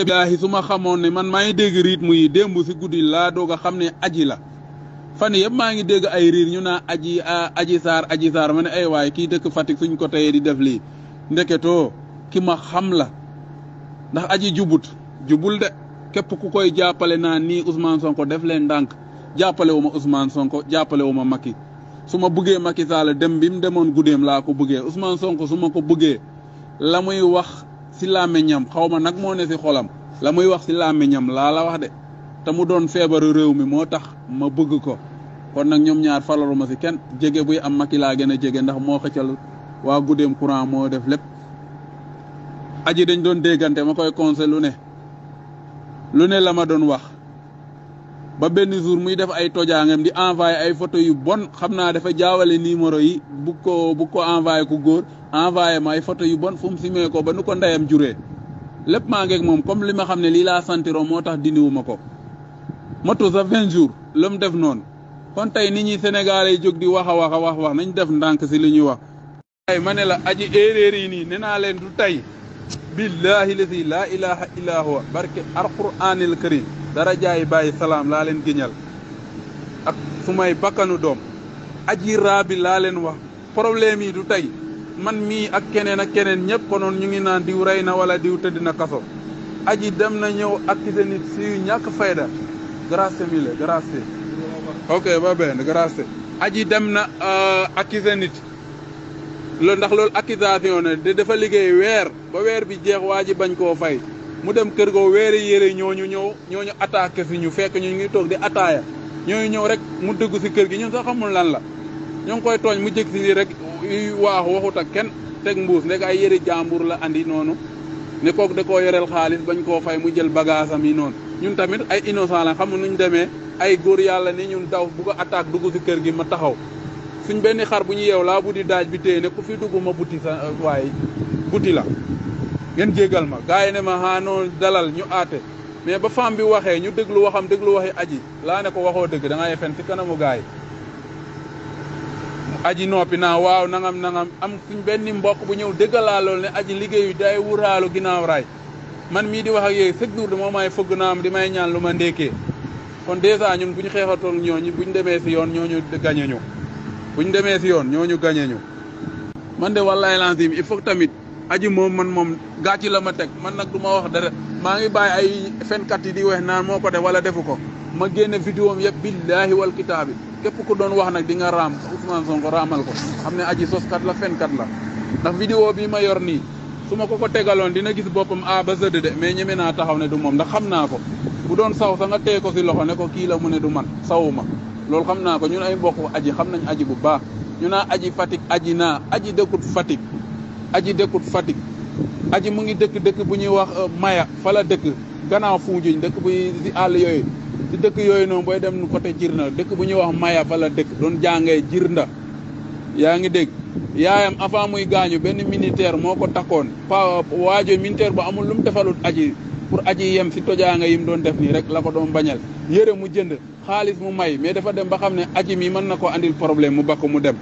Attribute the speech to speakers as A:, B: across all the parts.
A: billaahi su ma xamoon ne man maa ngi dégg rythme yi démb si guddi laa doog xam ne aji la fan yëpp maa ngi dégg ay riir ñu naa aji ah, aji saar aji saar ma ne ay waay kii dëkk Fatick suñ ko tayee di def lii ndeketo ki ma xam la ndax aji jubut jubul de képp ku koy jàppale naa nii Ousmane Sonko def leen ndànk jàppale wu ma Ousmane Sonko jàppale wu ma Macky su ma bëggee Macky Sall dem bi mu demoon guddeem laa ko bëggee Ousmane Sonko su ma ko bëggee la muy wax si làmmiñam xaw ma nag moo ne si xolam la muy wax si làmmiñam laa la wax de te doon feebaru réew mi moo tax ma bëgg ko kon nag ñoom ñaar falalu ma kenn jege buy am Macky laa gën a jege ndax moo xëccal waa guddeem courant moo def lépp aji dañ doon déggante ma koy conse lu ne lu ne la ma doon wax ba benn jour muy def ay tojaangam di envoyé ay photo yu bon xam naa dafa jaawale numéro yi bu ko bu ko envoyé ku góor envoyé ma ay photo yu bon fu mu simee ko ba nu ko ndeyam jure lépp maa ngeeg moom comme li ma xam ne lii laa santiro moo tax dindiwu ma ko moto sa vingt jours la mu def noon kon tey nit ñi Sénégal yi jóg di wax a wax a wax wax nañ def ndànk si li ñuy wax ay ma ne la aji éeréer yi nii ne naa leen du tey billaahi la si laa ilaha illaa huwa barke alquraanil karim dara jaay bàyyi salaam laa leen giñal ak su bakkanu doom aji raabi laa leen wax problème yi du tey man mii ak keneen ak keneen ñëpp konoon ñu ngi naan diw rey na wala diw tëdd na kaso aji dem na ñëw ak nit si ñàkk fayda grâce mi la grâce ok ba benn grâce aji dem na euh, accuser nit loolu ndax loolu accusation ne de dafa liggéey weer ba weer bi jeex waa ji bañ koo fay mu dem kër goo weere yére ñu ñëw ñooñu attaqué si ñu fekk ñu ngi toog di attaaya ñooñu ñëw rek mu dugg si kër gi ñun sax xamul lan la ñoo koy tooñ mu jëkk si nii rek waaxu waxut ak kenn teg mbuus ndek ay yére jàmbur la andi noonu ne kook da koo yoreel xaalis bañ koo fay mu jël bagage am noonu ñun tamit ay innocent la nuñ demee ay góor yàlla ni ñun daw bu ko attaque dugg si kër gi ma taxaw suñ benn xar bu ñu yeew laa bu di daaj bi téye ne ku fi ma buti sa waaye buti la ngeen jégal ma gars yi ne ma xaanoo ah, dalal ñu aate mais ba femme bi waxee ñu déglu waxam déglu waxi aji laa ne ko waxoo dëgg da ngay fen ci kanamu gaay aji noppi naa waaw nangam nangam am suñ benn mbokk bu ñëw dëggalaa lool ne aji liggéeyu day wuraalu ginnaaw raay man mii di wax ak yooyu chaque jour de moo may fëgg naam di may ñaan lu ma ndékkee kon dèjà ñun bu ñu xeexatoon ñoo bu ñu demee si yoon ñooñu gañe ñu bu ñu demee si yoon ñoo gañe ñu man de wallaay lancim il faut tamit aji moom man moom gàcci la ma teg man nag du ma wax dara maa ngi bàyyi ay fenkat yi di weex naan moo ko de wala defu ko ma génne vidéo am yëpp billaahi wal kitaabi képp ku doon wax nag di nga raam Ousmane Sonko raamal ko xam ne aji soskat la fenkat la ndax vidéo bi ma yor nii su ma ko ko tegaloon dina gis boppam a ba zëdd de mais ñeme naa taxaw ne du moom ndax xam na ko bu doon saw sa nga tee ko si loxo ne ko kii la mu ne du man sawuma loolu xam naa ko ñun ay mbokk aji xam nañ aji bu baax ñu naa aji Fatick aji naa aji dëkkut Fatick aji dekut fatik, aji mu ngi dëkk dëkk bu ñuy wax euh, Maya fala dëkk gannaaw Fuujuñ dëkk bu si àll yooyu si dëkk yooyu noonu booy dem côté Jirnda dëkk bu ñuy wax Maya fala dëkk doon Jirnda yaa ngi dégg yaayam avant muy gaañu benn militaire moo ko takkoon pa waajo militaire bu amul lu defalut aji pour aji yem si tojaanga yi mu doon def rek la ko doon bañal yére mu jënd xaalis mu may mais dafa dem ba aji mi mën ko andil problème mu bakk mu dem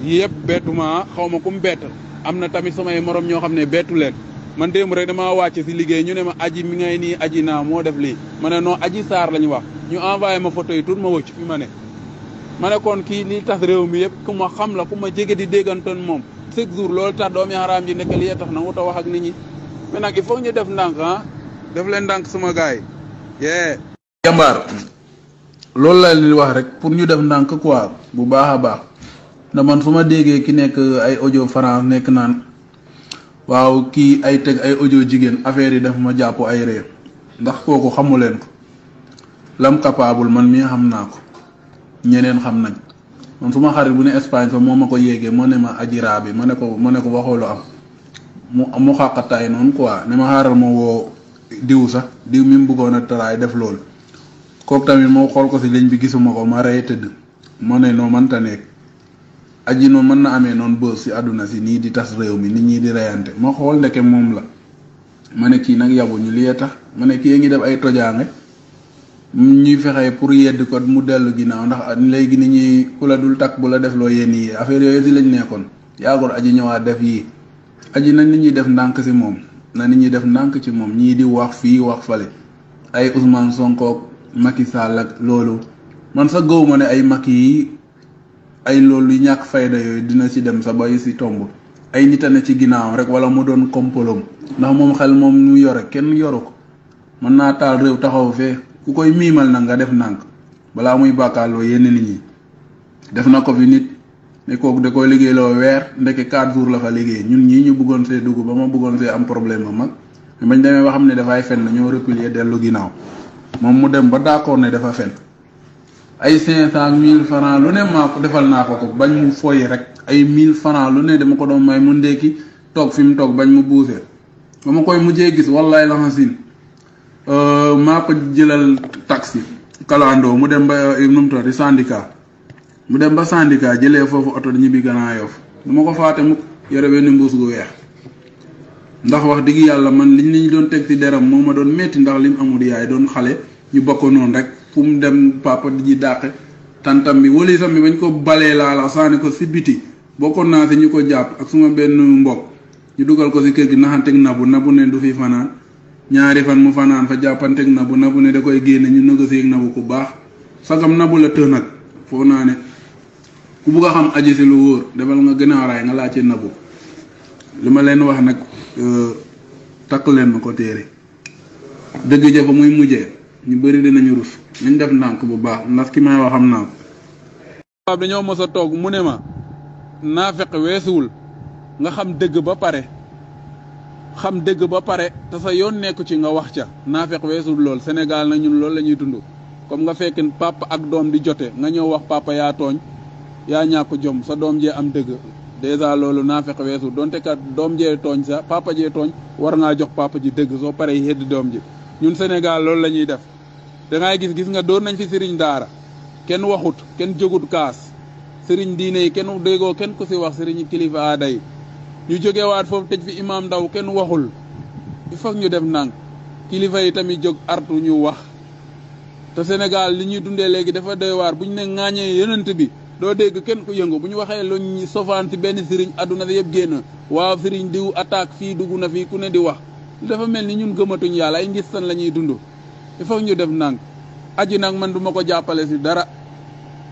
A: yeb betuma xawma kum bet amna tamit sama morom ño xamne betu len man dem rek dama wacc si liggey ñu ne ma aji mi ngay ni aji na mo def li mané no non aji sar lañ wax ñu envoyer ma photo yi tout ma wacc fi mané mané kon ki tax rew mi yeb kuma xam la kuma jégué di déggantoon mom chaque jour loolu tax doomi haram ji nekk lii tax nangu ta wax ak nit ñi mais nak il faut ñu def ndank ha ah. def len ndank sama gaay yee jambaar lol la li wax rek pour ñu def ndank quoi bu baaxa baax ndax man fu ma déggee ki nekk ay audio France nekk naan waaw kii ay teg ay audio jigéen affaire yi dafa ma jàpp ay réer ndax kooku xamu leen ko lam capable man mii xam naa ko ñeneen xam nañ man suma xarit bu ne Espagne fa moo ma ko yéegee ma ne ma ajiraa bi ma ne ko ma ne ko waxoolu am mu mu xàqataay noonu quoi ne ma xaaral ma woo diw sax diw mi mu bëggoon a taraay def loolu kooku tamit moo xool ko si liñ bi gisuma ko ma rey tëdd ma ne noo mënta nekk ajino mën na amee noonu bës si àdduna si nii di tas réew mi nit ñi di reyante ma xool ndeke moom la ma ne kii nag ñu li tax ma ne kii ngi def ay tojaange ñuy fexe pour yedd ko mu dellu ginnaaw ndax léegi nit ñi ku la dul takk bu la def loo yenn yi affaire yooyu si lañ nekkoon yaagoor aji ñëwaat def yi aji na nit ñi def ndànk si moom na nit ñi def ndànk ci moom ñii di wax fii wax fale ay Ousmane sonkook Macky Sall ak loolu man sa gëw ne ay Macky yi ay loolu ñàkk fayda yooyu dina ci dem sa bayu si tomb ay nita ci ginnaawam rek wala mu doon kompolom ndax moom xel moom mu yore kenn yoru ko mën naa taal réew taxaw fee ku koy miimal na nga def nànk balaa muy bàkkaaloo yenn nit ñi def na ko fi nit ne kooku da koy liggéeyloo weer ndeke 4 jours la fa liggéey ñun ñii ñu see dugg ba ma see am problème ba mag bañ demee ba xam ne dafay fen ñoo replier dellu ginnaaw moom mu dem ba d'accord ne dafa fen ay cinq cent mille franc lu ne maa ko defal naa ko ko bañ mu foyi rek ay mille franc lu ne dama ko doon may mu ndékki toog fi mu toog bañ mu buusee ba ma koy mujjee gis wallaay la xasin euh, maa ko jëlal taxi kalandoo mu dem ba euh, nu mu tuddati sandika mu dem ba syndicat jëlee foofu oto ñibbi bi Yoff du ma ko faate mukk yore benn mbuus gu weex ndax wax dëgg yàlla man liñ liñ doon teg ci deram moo ma doon métti ndax lim amul yaay doon xale ñu bokk noonu rek fu mu dem papa di ji dàqe tantam bi walisam bi bañ ko balee laa la saani ko si bokkoon naa si ñu ko jàpp ak suma benn mbokk ñu dugal ko si kër gi naxanteeg nabu nabu ne du fi fanaan ñaari fan mu fanaan fa jàppanteeg nabu nabu ne da koy génne ñu négocier ak nabu ko baax sagam nabu la të nag foo naa ne ku bugg a xam aji si lu wóor defal nga gannaaw raay nga laajte nabu li ma leen wax nag euh, takk leen ma ko téere dëgg ja muy mujjee ñu bëri dinañu rus ñu def ndànk bu baax ndax ki may wax xam naa ko. tubaab dañoo mos a toog mu ne ma naafeq weesuwul nga xam dëgg ba pare xam dëgg ba pare te yoon nekku ci nga wax ca naafeq weesuwul lool Sénégal na ñun loolu la ñuy dund comme nga fekk papa ak doom di jote nga ñëw wax papa yaa tooñ yaa ñàkk jom sa doom jee am dëgg dèjà loolu naafeq weesuwul donte kat doom jee tooñ sa papa jee tooñ war ngaa jox papa ji dëgg soo paree yedd doom ji ñun Sénégal loolu la ñuy def. da ngay gis gis nga doon nañ fi sëriñ daara kenn waxut kenn jógut kaas sëriñ diine yi kenn déggoo kenn ku si wax sëriñ kilifa aada yi ñu jógewaat foofu tëj fi imaam ndaw kenn waxul il faut ñu def nang kilifa yi tamit jóg artu ñu wax te Sénégal li ñuy dundee léegi dafa doy waar bu ñu ne ŋaañee yonent bi doo dégg kenn ku yëngu bu ñu waxee lu ñu sofaan ci benn sëriñ àdduna yëpp génn waaw sëriñ diw attaque fii dugg na fii ku ne di wax dafa mel ni ñun gëmatuñ yàlla ay ngistan la ñuy dund il faut ñu def nang aji nag man duma ko jàppale si dara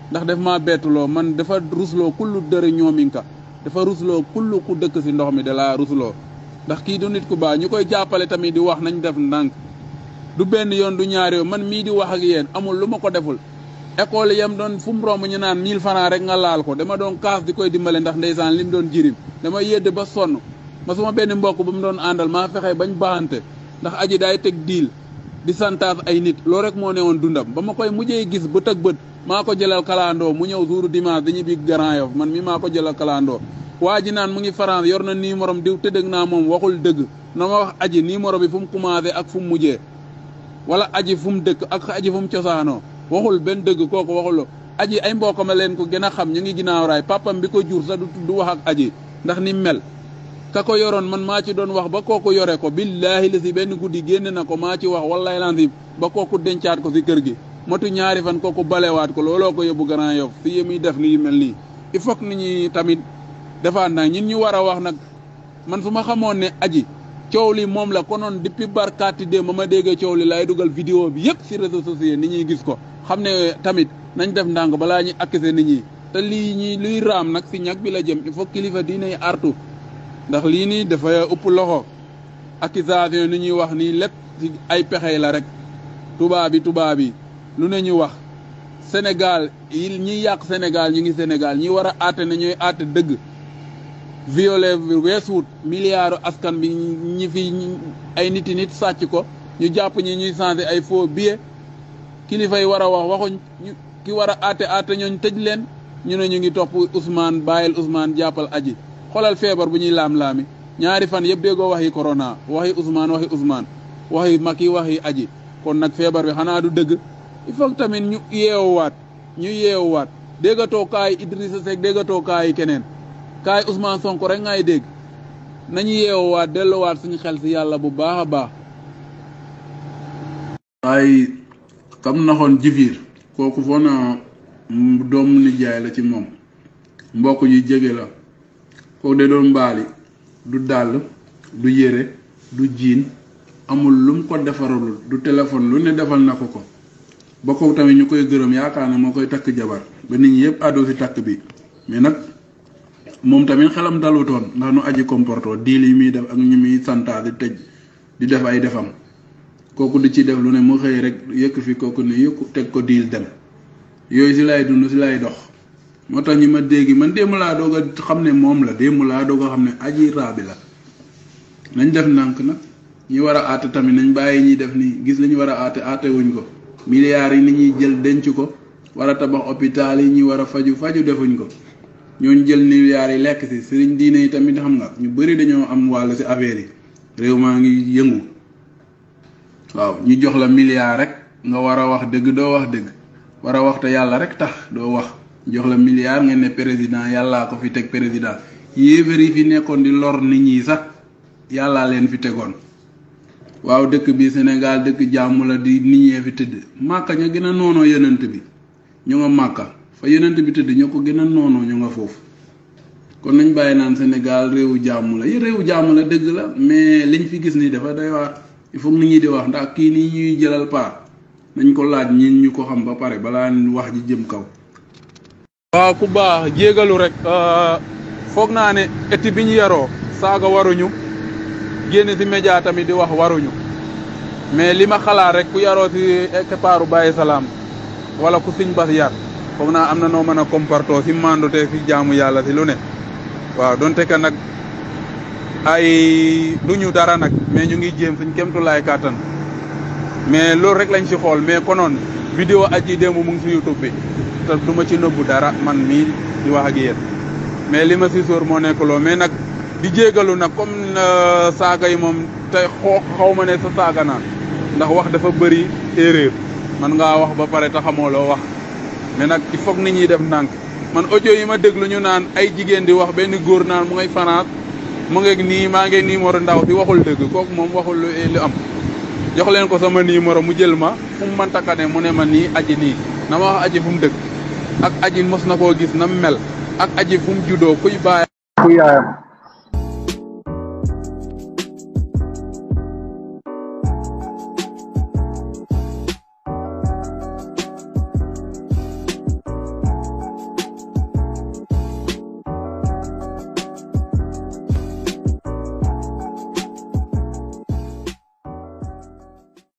A: ndax def maa beetuloo man dafa rusloo kullu dëre ñoominka dafa rusloo kullu ku dëkk si ndox mi da laa rusloo ndax kii du nit ku baa ñu koy jàppale tamit di wax nañ def ndànk du benn yoon du ñaari yoon man mi di wax ak yéen amul luma ko deful école yam don fu mu ñu naan mille francs rek nga laal ko dama doon kaas di koy dimbale ndax ndeysaan lim doon jirim dama yedd ba sonn ma suma benn mbokk bu mu doon àndal maa fexe bañ baaxante ndax aji daay teg diil di santaas ay nit loolu rek moo ne woon dundam ba ma koy mujjee gis bët ak bët maa ko jëlal kalandoo mu ñëw jouru dimanche dañuy bi Grand man mi maa ko jëlal kalandoo waa ji naan mu ngi France yor na numéro diw tëddëg naa moom waxul dëgg na ma wax aji numéro bi fu mu commencé ak fu mu mujjee wala aji fu mu dëkk ak aji fu mu cosaanoo waxul ben dëgg kooko waxuloo aji ay mbokkam leen ko gën a xam ñu ngi ginnaaw raay papam bi ko jur sax du wax ak aji ndax ni mel ka ko yoroon man maa ci doon wax ba kooku yore ko billaahi la si benn guddi génne na ko maa ci wax wallaay lan si ba kooku dencaat ko si kër gi matu ñaari fan kooku balewaat ko looloo ko yóbbu Grand Yoff fi yé def lii mel nii il faut que ñi tamit defaan nag ñin ñu war a wax nag man su ma xamoon ne aji coow li moom la konoon depuis barkaati dee ma ma déggee coow li laay dugal vidéo bi yëpp si réseaux sociaux ni ñuy gis ko xam ne tamit nañ def ndànk balaa ñuy accuser nit ñi te lii ñi luy raam nag si ñag bi la jëm il faut kilifa diinay artu ndax lii nii dafa ëpp loxo accusation ni ñuy wax nii lépp ci ay pexe la rek tubaab bi tubaab yi lu ne ñuy wax Sénégal yi ñiy yàq Sénégal ñu ngi Sénégal ñi war a àtte ne ñooy àtte dëgg violé weesuut milliards askan bi ñi fi ay nit nit sàcc ko ñu jàpp ñi ñuy changé ay faux billets kilifa yi war a wax waxuñ ki war a àtte àtte ñooñ tëj leen ñu ne ñu ngi topp usmaan bàyyil Ousmane jàppal aji xoolal feebar bu ñuy laam-laami ñaari fan yëpp déggoo waxi corona waxi Ousmane waxi Ousmane waxi Macky waxi aji kon nag feebar bi xanaa du dëgg il faut tamit ñu yeewaat ñu yeewaat déggatoo kaay Idrissa Seck déggatoo kaay keneen kaay Ousmane Sonko rek ngay dégg nañu yeewaat delluwaat suñu xel si yàlla bu baax a baax. waaye kam naxoon jifiir kooku foo doomu nijaay la ci moom mbokk yi jege la. ko ɗe ɗon mbaali du dàll du yére du jiin amul lum ko defaralul du téléphone lu ne defal na ko ko bokkow tamit ñu koy gërëm yaakaar ne moo koy takk jabar ba nit ñi yëpp addoo si takk bi mais nag moom tamit xelam dalutoon ndax nu aji comporto diil yi muy def ak ñu muy santaa di tëj di def ay defam kooku di ci def lu ne mu xëy rek yëkk fi kooku ne yëkk teg ko diil dem yooyu si lay dund si lay dox moo tax ñi ma déggi man démb laa doog a xam ne moom la démb laa doog a xam ne aji raabi la nañ def ndànk na ñuy war a aate tamit nañ bàyyi ñuy def nii gis lañu war a aate aate ko milliards yi ni ñuy jël denc ko war a tabax yi ñi war a faju faju defuñ ko ñooñu jël milliards yi lekk si sëriñ diine yi tamit xam nga ñu bëri dañoo am wàll si affaire yi réew maa ngi yëngu waaw ñu jox la milliard rek nga war a wax dëgg doo wax dëgg war a wax yàlla rek tax doo wax jox la milliard ngeen ne président yàllaa ko fi teg président yéefar yi fi nekkoon di lor nit ñi sax yàllaa leen fi tegoon waaw dëkk bi sénégal dëkk jàmm la di nit ñee fi tëdd màkka ña gën a noonoo yenant bi ñu nga màkka fa yenant bi tëdd ña ko gën a noonoo ñu nga foofu kon nañ bàyyi naan sénégal réewu jàmm la réewu jàmm la dëgg la mais liñ fi gis ni dafa day waar il faut nit ñi di wax ndax kii nii ñuy jëlal paa nañ ko laaj ñin ñu ko xam ba pare balaa wax ji jëm kaw waaw ku baax jégalu rek euh, foog naa ne éti bi ñu yaroo saaga waruñu génn si média tamit di wax waruñu mais li ma xalaat rek ku yaroo si keppaaru bàyyi salaam wala ku siñ bas yar foog naa am na noo mën a comportoo si mandute si jaamu yàlla si lu ne waaw donte ka nag ay du duñu dara nag mais ñu ngi jéem suñ kemtulaay kàttan mais loolu rek lañ si xool mais konoon vidéo aji démb mu ngi si YouTube bi te duma ci nobu dara man mi di wax ak yeen mais lima ci sor mo nek lo mais nak di jégalu nak comme euh, saga yi mom tay xox xawma ne sa saga na ndax wax dafa bëri erreur man nga wax ba paré ta xamo lo wax mais nak il faut nit ñi def nank man audio yi ma déglu ñu naan ay jigéen di wax ben goor naan mu ngay fanat mu ni ma ngay ni numéro ndaw si waxul dëgg kok mom waxul lu lu am jox len ko sama numéro mu jël ma fu man takane mu ne ma ni aji ni, nama wax aji fu mu dëkk ak aji mos na koo gis nam mel ak aji fu mu juddoo kuy baayam kuy yaayam